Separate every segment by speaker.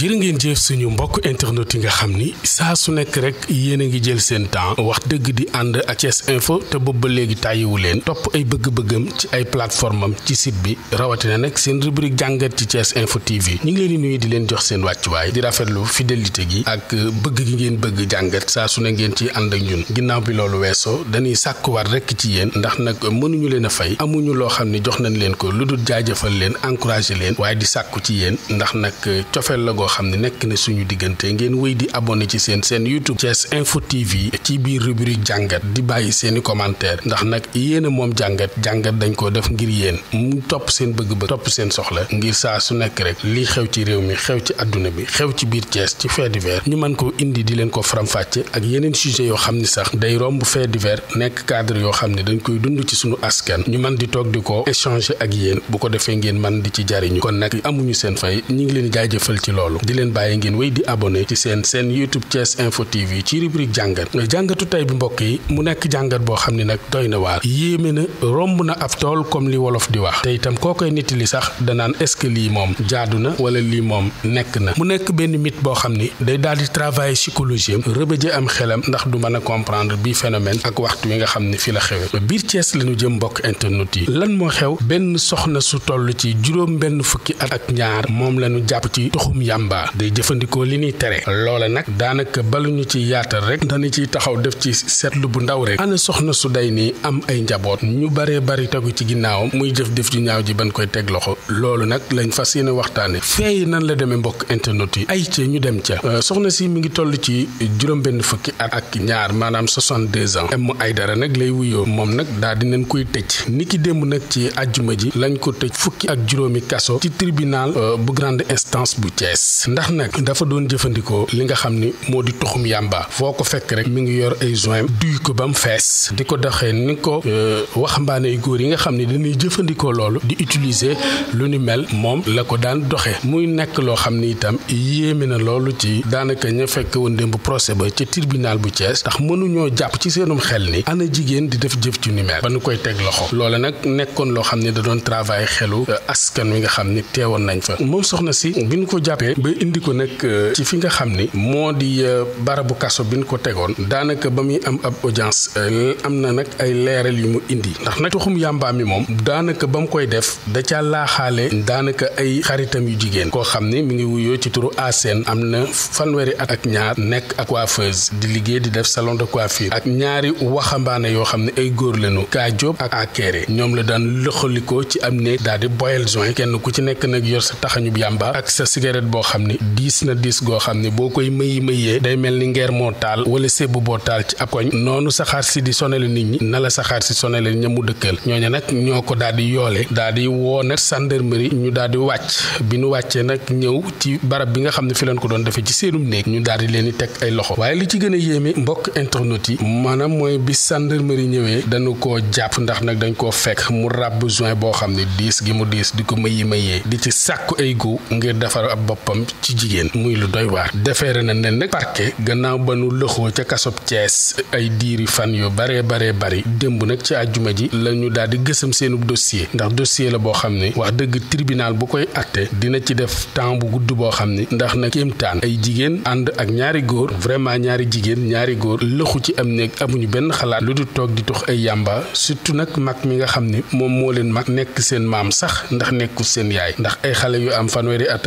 Speaker 1: jërë ngeen jëf suñu mbokk internet yi nga xam ni saa su nekk rek yéen a ngi jël seen temps wax dëgg di ànd ak Thiès Info te boobu ba léegi tàyyiwu leen topp ay bëgg-bëggam ci ay plateforme am ci site bi rawatina nag seen rubrique jàngat ci Thiès Info TV ñu ngi leen di nuyu di leen jox seen wàccuwaay di rafetlu fidélité gi ak bëgg gi ngeen bëgg jàngat saa su ne ngeen ci ànd ak ñun ginnaaw bi loolu weesoo dañuy sàkkuwaat rek ci yéen ndax nag mënuñu leen a fay amuñu loo xam ne jox nañ leen ko lu dul jaajëfal leen encouragé leen waaye di sàkku ci yéen ndax nag cofeel goo xam ne nekk na suñu diggante ngeen wéy di abonné ci seen seen YouTube Thiès Info TV ci biir rubrique jàngat di bàyyi seeni commentaire ndax nag yéen a moom jàngat jàngat dañ ko def ngir yéen mu topp seen bëgg ba topp seen soxla ngir saa su nekk rek lii xew ci réew mi xew ci àdduna bi xew ci biir Thiès ci fait divers ñu mën ko indi di leen ko faram-fàcce ak yeneen sujet yoo xam ni sax day romb fait divers nekk cadre yoo xam ne dañ koy dund ci suñu askan ñu mën di toog di ko échanger ak yéen bu ko defee ngeen mën di ci jariñu kon nag amuñu seen loolu di leen bàyyi ngeen wéy di abonné ci seen seen YouTube Thiès Info TV ci rubrique jàngat jàngatu tey bi mbokk yi mu nekk jàngat boo xam ne nag doy na waar yéeme na romb na ab tool comme li wolof di wax te itam koo koy nit li sax danaan est-ce que lii moom jaadu na wala lii moom nekk na mu nekk benn mit boo xam ni day daal di travailler psychologie am rëbëje am xelam ndax du mën a comprendre bi phénomène ak waxtu wi nga xam ne fi la xewee biir Thiès lañu jëm mbokk internet yi lan moo xew benn soxna su toll ci juróom benn fukki at ak ñaar moom lañu jàpp Tamba day jëfandikoo li ñuy tere loola nag daanaka balu ñu ci yaatal rek dana ci taxaw def ci seetlu bu ndaw rek ana soxna su day ni am ay njaboot ñu baree bari tegu ci ginnaawam muy jëf def ju ñaaw ji ban koy teg loxo loolu nag lañ fas yéene waxtaane feey nan la demee mbokk internet yi ay ca ñu dem ca euh, soxna si mu ngi toll ci juróom-benn fukki at ak ñaar maanaam 62 ans am ay dara nag lay wuyoo moom nag daal di nañ koy tëj ki démb nag ci àjjuma ji lañ ko tëj fukki ak juróomi kaso ci tribunal euh, bu grande Thiès ndax nag dafa doon jëfandikoo li nga xam ni moo di toxum yàmba foo ko fekk rek mi ngi yor ay joint duy ko ba mu fees di ko doxee ni ko euh, waxambaane yu góor yi nga xam ne dañuy jëfandikoo loolu di utiliser lu ni mel moom la ko daan doxee muy nekk loo xam ni itam yéeme na loolu ci daanaka ña fekk woon démb procès ba ci tribunal bu Thiès ndax mënuñoo jàpp ci seenum xel ni ana jigéen di def jëf ci ni mel ba nu koy teg loxo loole nag nekkoon loo xam ne da doon travail xelu euh, askan wi nga xam ni teewoon nañ fa soxna si bi ko jàppee ba indi ko nag euh, ci fi nga xam ni moo di euh, barabu kaso bi ñu ko tegoon daanaka ba muy am ab audience euh, am na nag ay leeral yu mu indi ndax nag tuxum yàmbaa mi moom daanaka ba mu koy def da ca laaxaale daanaka ay xaritam yu jigéen koo xam ni mu ngi wuyo ci turu Aseen am na fanweeri at ak ñaar nekk ak coiffeuse di liggéey di def salon de coiffure ak ñaari waxambaane yoo xam ne ay góor lañu kaa Jóob ak Akéré ñoom la daan lëxalikoo ci am néeg daal di boyal joint kenn ku ci nekk nag yor sa taxañub xam ni diis na diis goo xam ni boo koy mëyi mëyee day mel ni ngeer moo taal wala sébb boo taal ci ab koñ noonu saxaar si di sonale nit ñi na la saxaar si sonale ña mu dëkkal ñooñu nag ñoo ko daal di yoole daal di woo nag gendarmerie ñu daal di wàcc bi ñu wàccee nag ñëw ci barab bi nga xam ne fi leen ko doon defee ci seenum néeg ñu daal di leen di teg ay loxo waaye li ci gën a yéeme mbokk internet yi maanaam mooy bi gendarmerie ñëwee dañu koo jàpp ndax nag dañ koo fekk mu ràbb joint boo xam ne diis gi mu diis di ko mëyi mëyee di ci sàkku ay gu ngir defar ab boppam ci jigéen muy lu doy waar defeere na leen nag parquet gannaaw ba nu lëxoo ca kasob Cees ay diiri fan yu baree baree bari démb nag ci àjjuma ji la ñu daal di gësam seenub dossier ndax dossier la boo xam ne wax dëgg tribunal bu koy atte dina ci def temps bu gudd boo xam ne ndax na kéemtaan ay jigéen ànd ak ñaari góor vraiment ñaari jigéen ñaari góor lëxu ci am néeg amuñu benn xalaat lu du toog di tox ay yamba surtout nag mag mi nga xam ne moom moo leen mag nekk seen maam sax ndax nekkul seen yaay ndax ay xale yu am fanweeri at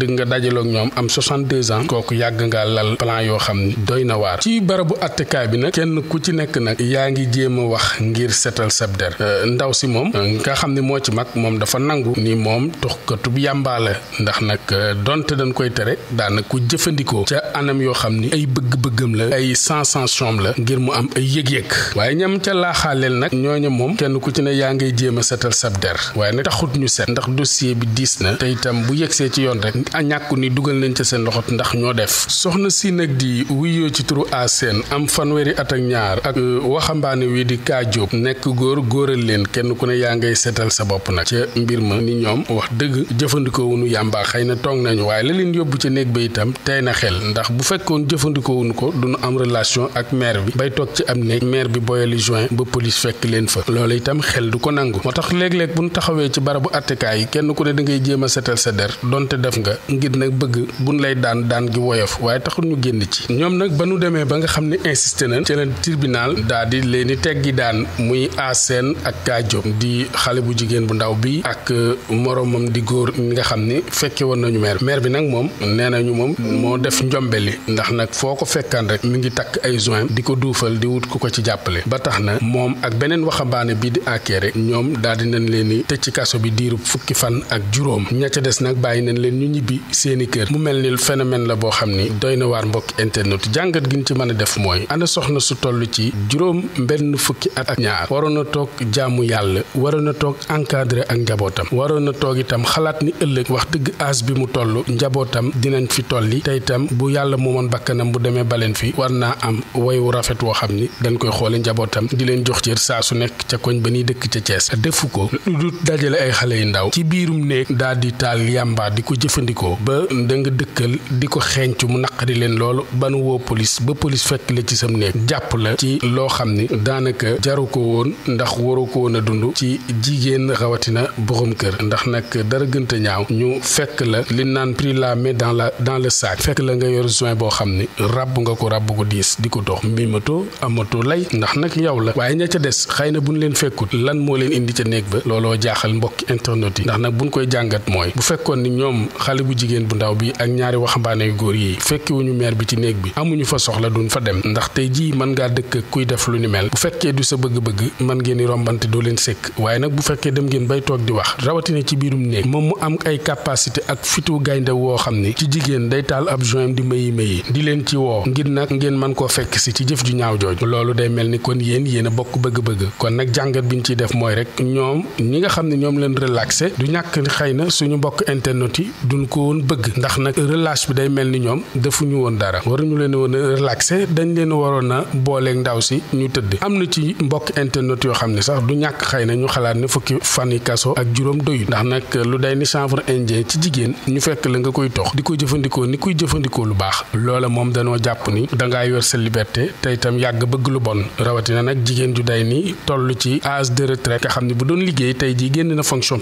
Speaker 1: dëgg nga dajaloog ñoom am 62 ans kooku yàgg nga lal plan yoo xam ni doy na waar ci barabu attekaay bi nag kenn ku ci nekk nag yaa ngi jéem a wax ngir setal sab der euh, ndaw si moom euh, nga xam ni moo ci mag moom dafa nangu ni moom tuxkatub yàmbaa la ndax nag euh, donte dañ koy tere daana ku jëfandikoo ca anam yoo xam ni ay bëgg-bëggam la ay sensation la ngir mu am ay yëg-yëg waaye ñam ca laaxaaleel nag ñooña moom kenn ku ci ne yaa ngay jéem a setal sab waaye nag taxut ñu set ndax dossier bi diis na te itam bu yegsee ci yoon rek a ñàkku ni dugal nañ ca seen loxo ndax ñoo def soxna si nag di wuyoo ci turu Aseen am fanweeri at ak ñaar ak euh, waxambaane wi di Kaa nekk góor góoral leen kenn ku ne yaa ngay seetal sa bopp nag ca mbir ma ni ñoom wax dëgg jëfandikoo wunu yàmbaa xëy na toog nañu waaye la leen yóbbu ca néeg ba itam tey na xel ndax bu fekkoon jëfandikoo ko du nu am relation ak meer bi bay toog ci am néeg meer bi boyali juin ba police fekk leen fa loola itam xel du ko nangu moo tax léeg bu ñu taxawee ci barabu attekaay yi kenn ku ne da jéem a seetal sa der donte def nga ngir nag bëgg buñ lay daan daan gi woyof waaye taxul ñu génn ci ñoom nag ba ñu demee ba nga xam ne insisté nañ ci leen tribunal daal di leen i teggi daan muy Aseen ak Kaajo di xale bu jigéen bu ndaw bi ak uh, moromam di góor mi nga xam ni fekke woon nañu maire maire bi nag moom nee ñu moom moo def li ndax nag foo ko fekkaan rek mu ngi takk ay joint di ko duufal di wut ku ko ci jàppale ba tax na moom ak beneen waxambaane bi di Akere ñoom daal di nañ leen i tëj ci kaso bi diiru fukki fan ak juróom ña ca des ubbi seeni kër mu mel ni phénomène la boo xam ni doy na waar mbokk internet jàngat gi ñu ci mën a def mooy ana soxna su tollu ci juróom benn fukki at ak ñaar waroon na toog jaamu yàlla waroon na toog encadré ak njabootam waroon na toog itam xalaat ni ëllëg wax dëgg âge bi mu toll njabootam dinañ fi tolli tey itam bu yàlla moomoon bakkanam bu demee baleen fi war naa am woy wu rafet woo xam ni dañ koy xoole njabootam di leen jox cër saa su nekk ca koñ ba ñuy dëkk ca Cees defu ko jëfandikoo ba da nga dëkkal di ko xeeñcu mu naqari leen loolu ba nu woo police ba police fekk la ci sam néeg jàpp la ci loo xam ni daanaka jaru ko woon ndax waru ko woon a dund ci jigéen rawatina borom kër ndax nag dara gënta ñaaw ñu fekk la li naan la main dans la dans le sac fekk la nga yor joint boo xam ni ràbb nga ko ràbb ko diis di ko dox mimato amato lay ndax nag yow la waaye ña ca des xëy na bu buñ leen fekkut lan moo leen indi ca néeg ba looloo jaaxal mbokki internet yi ndax nag bu fekkoon koy ñoom bu jigéen bu ndaw bi ak ñaari waxambaane yu góor yi fekkiwuñu meer bi ci néeg bi amuñu fa soxla duñ fa dem ndax tey jii man ngaa dëkk kuy def lu ni mel bu fekkee du sa bëgg-bëgg mën ngeen di rombante du leen sëkk waaye nag bu fekkee dem ngeen bay toog di wax rawatina ci biirum néeg moom mu am ay capacité ak fitu gaynde woo xam ni ci jigéen day taal ab joint di may mayi di leen ci woo ngir nag ngeen mën koo fekk si ci jëf ju ñaaw jooju loolu day mel ni kon yéen yéen bëgg-bëgg kon nag jàngat bi ñu ciy def mooy rek ñoom ñi nga xam ne ñoom leen ko woon bëgg ndax nag relâche bi day mel ni ñoom defuñu woon dara waruñu leen woon a relaxé dañ leen waroon a booleeg ndaw si ñu tëdd am na ci mbokk internet yoo xam ne sax du ñàkk xay na ñu xalaat ne fukki fan yi kaso ak juróom doyut ndax nag lu day ni chanvre indien ci jigéen ñu fekk la nga koy tox di ko jëfandikoo ni kuy jëfandikoo lu baax loola moom danoo jàpp ni dangay yor sa liberté te tam yàgg bëgg lu bon rawatina nag jigéen ju day ni toll ci âge de retraite nga xam ne bu doon liggéey tey ji génn na fonction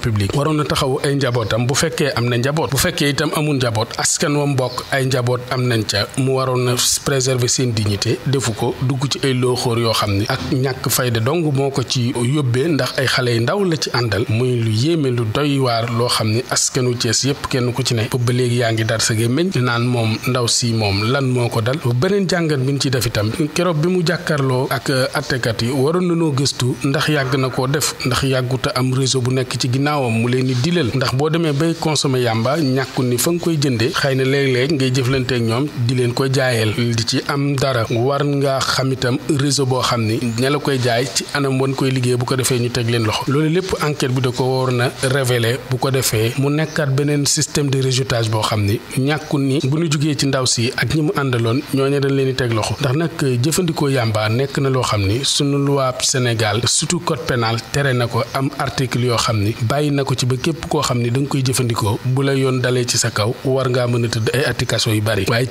Speaker 1: te itam amul njaboot askan wa mbokk ay njaboot am nañ ca mu waroon na préserver seen dignité defu ko dugg ci ay looxóor yoo xam ne ak ñàkk fayde dong moo ko ci yóbbee ndax ay xale yu ndaw la ci àndal muy lu yéeme lu doy waar loo xam ne askanu Cees yépp kenn ku ci ne ba léegi yaa ngi dar sa gémmiñ naan moom ndaw si moom lan moo ko dal beneen jàngat bi ñu ci def itam keroog bi mu jàkkarloo ak euh, attekat yi waroon na nañoo gëstu ndax yàgg na koo def ndax yàgguta am réseau bu nekk ci ginnaawam nekkul ni jëndee xëy na léeg-léeg ngay jëflante ak ñoom di leen koy jaayeel di ci am dara war nga xam itam réseau boo xam ni ña la koy jaay ci anam wan koy liggéey bu ko defee ñu teg leen loxo loolu lépp enquête bi da ko war na révéler bu ko defee mu nekkaat beneen système de réseautage boo xam ni ñàkku ni bu ñu jugee ci ndaw si ak ñi mu àndaloon ñooñu dañ leen di teg loxo ndax nag jëfandikoo yàmba nekk na loo xam ni suñu loi Sénégal surtout code pénal tere na ko am article yoo xam ni bàyyi na ko ci ba képp koo xam ni da koy jëfandikoo bu la yoon dalee dalee ci sa a tëdd ay atti kaso yu bari waaye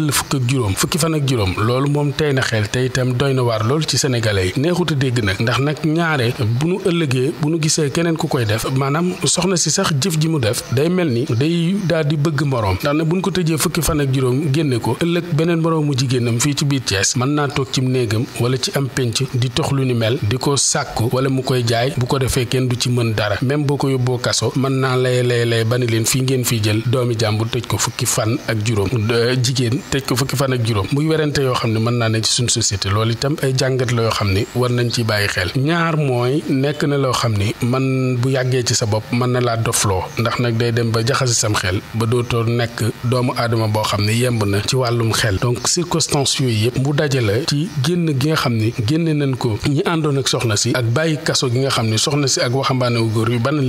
Speaker 1: la fukk fukki fan ak juróom loolu moom tey na xel te itam doy na waar lool ci sénégalais yi neexuta dégg nag ndax nag ñaare bu nu ëllëgee bu nu gisee keneen ku koy def maanaam soxna si sax jëf ji mu def day mel ni day daal di bëgg moroom ndax nag bu nu ko tëjee fukki fan ak juróom génne ko ëllëg beneen moroomu jigéenam fii ci biir cees mën naa toog ci néegam wala ci am penc di tox lu ni mel di ko sàkku wala mu koy jaay bu ko defee kenn du ci mën dara même boo ko yóbboo kaso mën naa président lay lay lay ba ni leen fii ngeen fii jël doomi jàmbur tëj ko fukki fan ak juróom euh, jigéen tëj ko fukki fan ak juróom muy werante yoo xam ne mën naa ne ci suñu société lool itam ay jàngat la yoo xam ni war nañ ci bàyyi xel ñaar mooy nekk na loo xam ni man bu yàggee ci sa bopp mën na laa dofloo ndax nag day dem ba jaxasi sam xel ba dootoo nekk doomu aadama boo xam ne yemb na ci wàllum xel donc circonstances yooyu yëpp mu dajale ci génn gi nga xam ni génne nañ ko ñi àndoon ak soxna si ak bàyyi xam ni soxna si ak waxambaane wu góor yu banal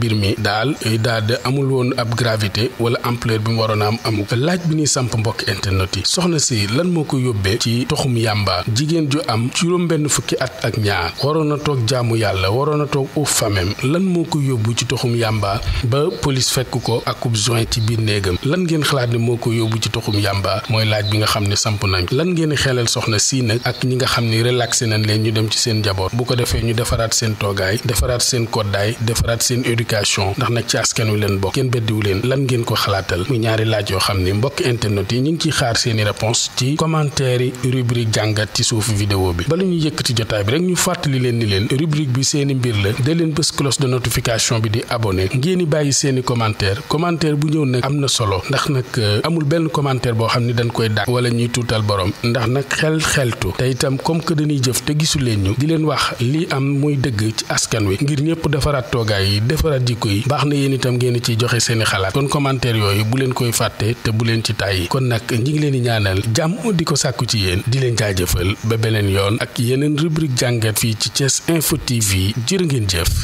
Speaker 1: mbir mi daal eh, daal de amul woon ab gravité wala ampleur bi mu waroon a am amu laaj bi ñuy samp mbokk internet yi soxna si lan moo ko yóbbee ci toxum yàmba jigéen ju am juróom-benn fukki at ak ñaar waroon na toog jaamu yàlla waroon na toog uuf famem lan moo yóbbu ci toxum yàmba ba police fekk ko ak ub joint ci biir néegam lan ngeen xalaat ne moo ko yóbbu ci toxum yàmba mooy laaj bi nga xam ne samp nañ lan ngeen xeelal soxna si nag ak ñi nga xam ni relaxé nañ leen ñu dem ci seen njaboot bu ko defee ñu defaraat seen toogaay defaraat seen koddaay defaraat seen éducation communication ndax nag ci askan wi leen bokk ngeen beddiwu leen lan ngeen ko xalaatal muy ñaari laaj yoo xam ne mbokk internet yi ñu ngi ciy xaar seeni réponse ci commentaire yi rubrique jàngat ci suufu vidéo bi bala ñu yëkkati jotaay bi rek ñu fàttali leen ni leen rubrique bi seeni mbir la da leen bés cloche de notification bi di abonné ngeen i bàyyi seeni commentaire commentaire bu ñëw nag am na solo ndax nag euh, amul benn commentaire boo xam ne dañ koy dàq wala ñuy tuutal borom ndax nag xel xeltu te itam comme que dañuy jëf te gisu leen ñu di leen wax lii am muy dëgg ci askan wi ngir defaraat jikko yi baax na yéen itam ngeen ci joxe seeni xalaat kon commentaire yooyu bu leen koy fàtte te bu leen ci tàyyi kon nag ñi ngi leen di ñaanal jàmm di ko sàkku ci yéen di leen jaajëfal ba beneen yoon ak yeneen rubrique jàngat fii ci Thiès Info TV jërë ngeen jëf